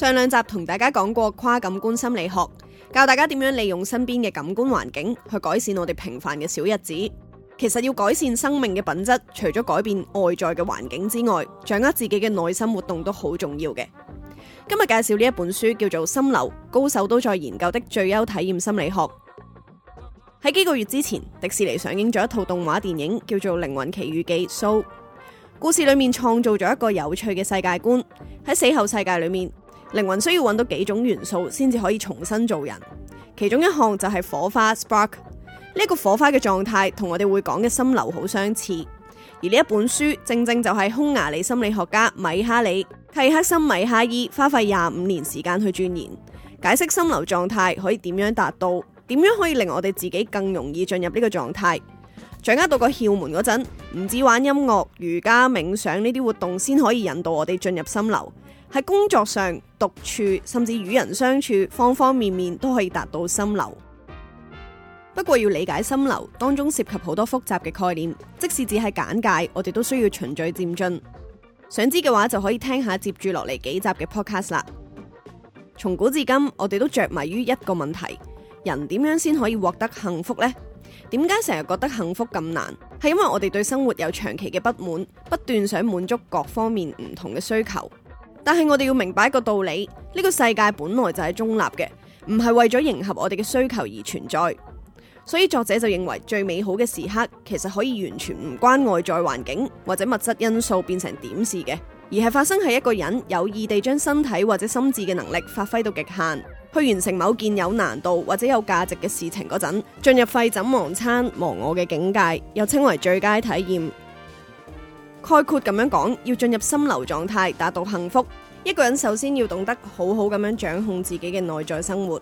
上兩集同大家講過跨感官心理學，教大家點樣利用身邊嘅感官環境去改善我哋平凡嘅小日子。其實要改善生命嘅品質，除咗改變外在嘅環境之外，掌握自己嘅內心活動都好重要嘅。今日介紹呢一本書叫做《心流》，高手都在研究的最優體驗心理學。喺幾個月之前，迪士尼上映咗一套動畫電影，叫做《靈魂奇遇記》。So，故事裏面創造咗一個有趣嘅世界觀，喺死後世界裏面。靈魂需要揾到幾種元素先至可以重新做人，其中一項就係火花 Spark。呢個火花嘅狀態同我哋會講嘅心流好相似。而呢一本書正正就係匈牙利心理學家米哈里（契克森米哈伊）花費廿五年時間去鑽研，解釋心流狀態可以點樣達到，點樣可以令我哋自己更容易進入呢個狀態。掌握到個竅門嗰陣，唔止玩音樂、瑜伽、冥想呢啲活動先可以引導我哋進入心流。喺工作上、獨處，甚至與人相處，方方面面都可以達到心流。不過，要理解心流當中涉及好多複雜嘅概念，即使只係簡介，我哋都需要循序漸進。想知嘅話，就可以聽下接住落嚟幾集嘅 Podcast 啦。從古至今，我哋都着迷於一個問題：人點樣先可以獲得幸福呢？點解成日覺得幸福咁難？係因為我哋對生活有長期嘅不滿，不斷想滿足各方面唔同嘅需求。但係我哋要明白一個道理，呢個世界本來就係中立嘅，唔係為咗迎合我哋嘅需求而存在。所以作者就認為最美好嘅時刻，其實可以完全唔關外在環境或者物質因素變成點事嘅，而係發生喺一個人有意地將身體或者心智嘅能力發揮到極限，去完成某件有難度或者有價值嘅事情嗰陣，進入廢寢忘餐，忘我嘅境界，又稱為最佳體驗。概括咁樣講，要進入心流狀態，達到幸福。一個人首先要懂得好好咁樣掌控自己嘅內在生活。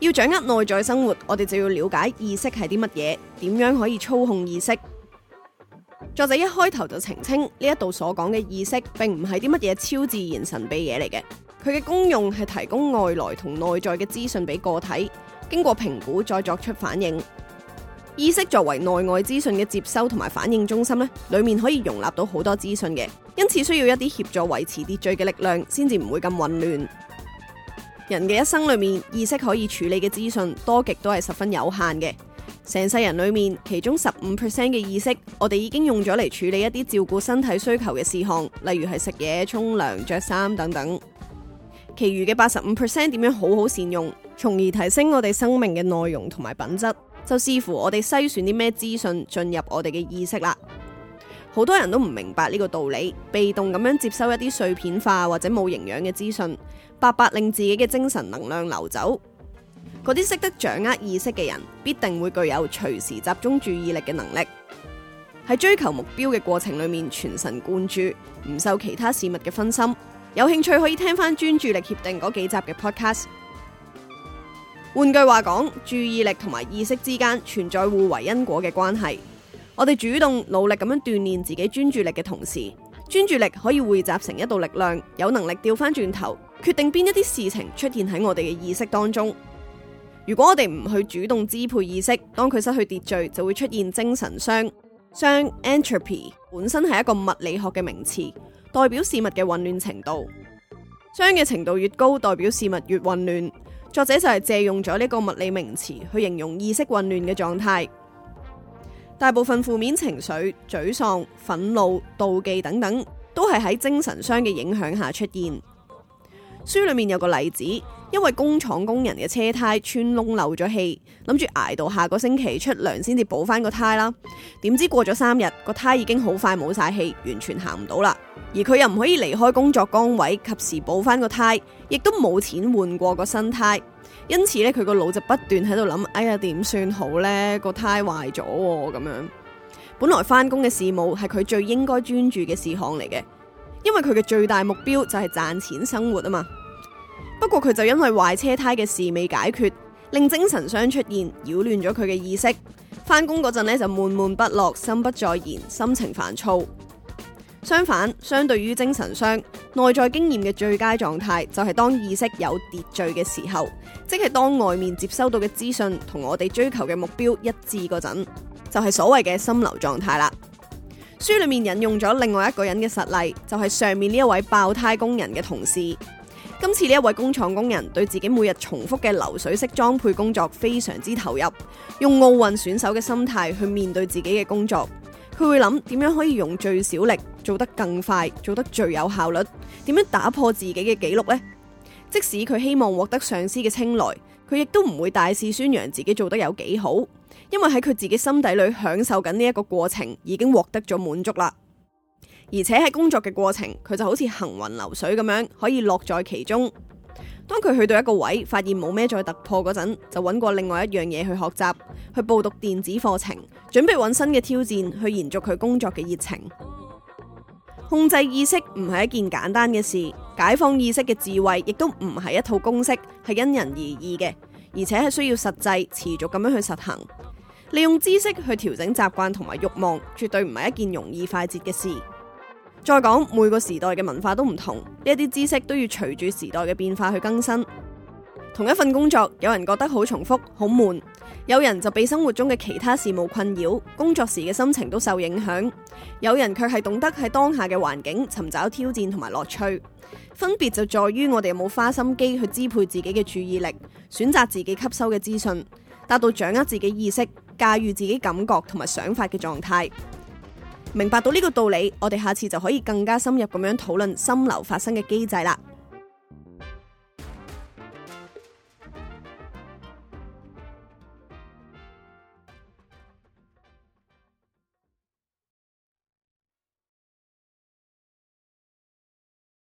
要掌握內在生活，我哋就要了解意識係啲乜嘢，點樣可以操控意識。作者一開頭就澄清，呢一度所講嘅意識，並唔係啲乜嘢超自然神秘嘢嚟嘅，佢嘅功用係提供外來同內在嘅資訊俾個體，經過評估再作出反應。意識作為內外資訊嘅接收同埋反應中心咧，裏面可以容納到好多資訊嘅，因此需要一啲協助維持秩序嘅力量，先至唔會咁混亂。人嘅一生裏面，意識可以處理嘅資訊多極都係十分有限嘅。成世人裏面，其中十五 percent 嘅意識，我哋已經用咗嚟處理一啲照顧身體需求嘅事項，例如係食嘢、沖涼、着衫等等。其餘嘅八十五 percent 點樣好好善用，從而提升我哋生命嘅內容同埋品質，就視乎我哋篩選啲咩資訊進入我哋嘅意識啦。好多人都唔明白呢個道理，被動咁樣接收一啲碎片化或者冇營養嘅資訊，白白令自己嘅精神能量流走。嗰啲識得掌握意識嘅人，必定會具有隨時集中注意力嘅能力，喺追求目標嘅過程裏面全神貫注，唔受其他事物嘅分心。有興趣可以聽翻專注力協定嗰幾集嘅 podcast。換句話講，注意力同埋意識之間存在互為因果嘅關係。我哋主動努力咁樣鍛煉自己專注力嘅同時，專注力可以匯集成一道力量，有能力調翻轉頭，決定邊一啲事情出現喺我哋嘅意識當中。如果我哋唔去主動支配意識，當佢失去秩序，就會出現精神熵。熵，entropy 本身係一個物理學嘅名詞，代表事物嘅混亂程度。熵嘅程度越高，代表事物越混亂。作者就係借用咗呢個物理名詞去形容意識混亂嘅狀態。大部分負面情緒、沮喪、憤怒、妒忌等等，都係喺精神熵嘅影響下出現。書裏面有個例子，因為工廠工人嘅車胎穿窿漏咗氣，諗住挨到下個星期出糧先至補翻個胎啦。點知過咗三日，個胎已經好快冇晒氣，完全行唔到啦。而佢又唔可以離開工作崗位，及時補翻個胎，亦都冇錢換過個新胎。因此咧，佢個腦就不斷喺度諗：哎呀，點算好呢？個胎壞咗咁樣。本來翻工嘅事務係佢最應該專注嘅事項嚟嘅，因為佢嘅最大目標就係賺錢生活啊嘛。不過佢就因為壞車胎嘅事未解決，令精神傷出現，擾亂咗佢嘅意識。返工嗰陣呢，就悶悶不樂、心不在焉、心情煩躁。相反，相對於精神傷，內在經驗嘅最佳狀態就係當意識有秩序嘅時候，即係當外面接收到嘅資訊同我哋追求嘅目標一致嗰陣，就係所謂嘅心流狀態啦。書裏面引用咗另外一個人嘅實例，就係上面呢一位爆胎工人嘅同事。今次呢一位工廠工人對自己每日重複嘅流水式裝配工作非常之投入，用奧運選手嘅心態去面對自己嘅工作，佢會諗點樣可以用最少力做得更快，做得最有效率，點樣打破自己嘅紀錄呢？即使佢希望獲得上司嘅青睞，佢亦都唔會大肆宣揚自己做得有幾好，因為喺佢自己心底裏享受緊呢一個過程，已經獲得咗滿足啦。而且喺工作嘅過程，佢就好似行雲流水咁樣，可以樂在其中。當佢去到一個位，發現冇咩再突破嗰陣，就揾過另外一樣嘢去學習，去報讀電子課程，準備揾新嘅挑戰，去延續佢工作嘅熱情。控制意識唔係一件簡單嘅事，解放意識嘅智慧亦都唔係一套公式，係因人而異嘅，而且係需要實際持續咁樣去實行。利用知識去調整習慣同埋慾望，絕對唔係一件容易快捷嘅事。再講，每個時代嘅文化都唔同，呢啲知識都要隨住時代嘅變化去更新。同一份工作，有人覺得好重複、好悶，有人就被生活中嘅其他事務困擾，工作時嘅心情都受影響，有人卻係懂得喺當下嘅環境尋找挑戰同埋樂趣。分別就在於我哋有冇花心機去支配自己嘅注意力，選擇自己吸收嘅資訊，達到掌握自己意識、駕馭自己感覺同埋想法嘅狀態。明白到呢個道理，我哋下次就可以更加深入咁樣討論心流發生嘅機制啦。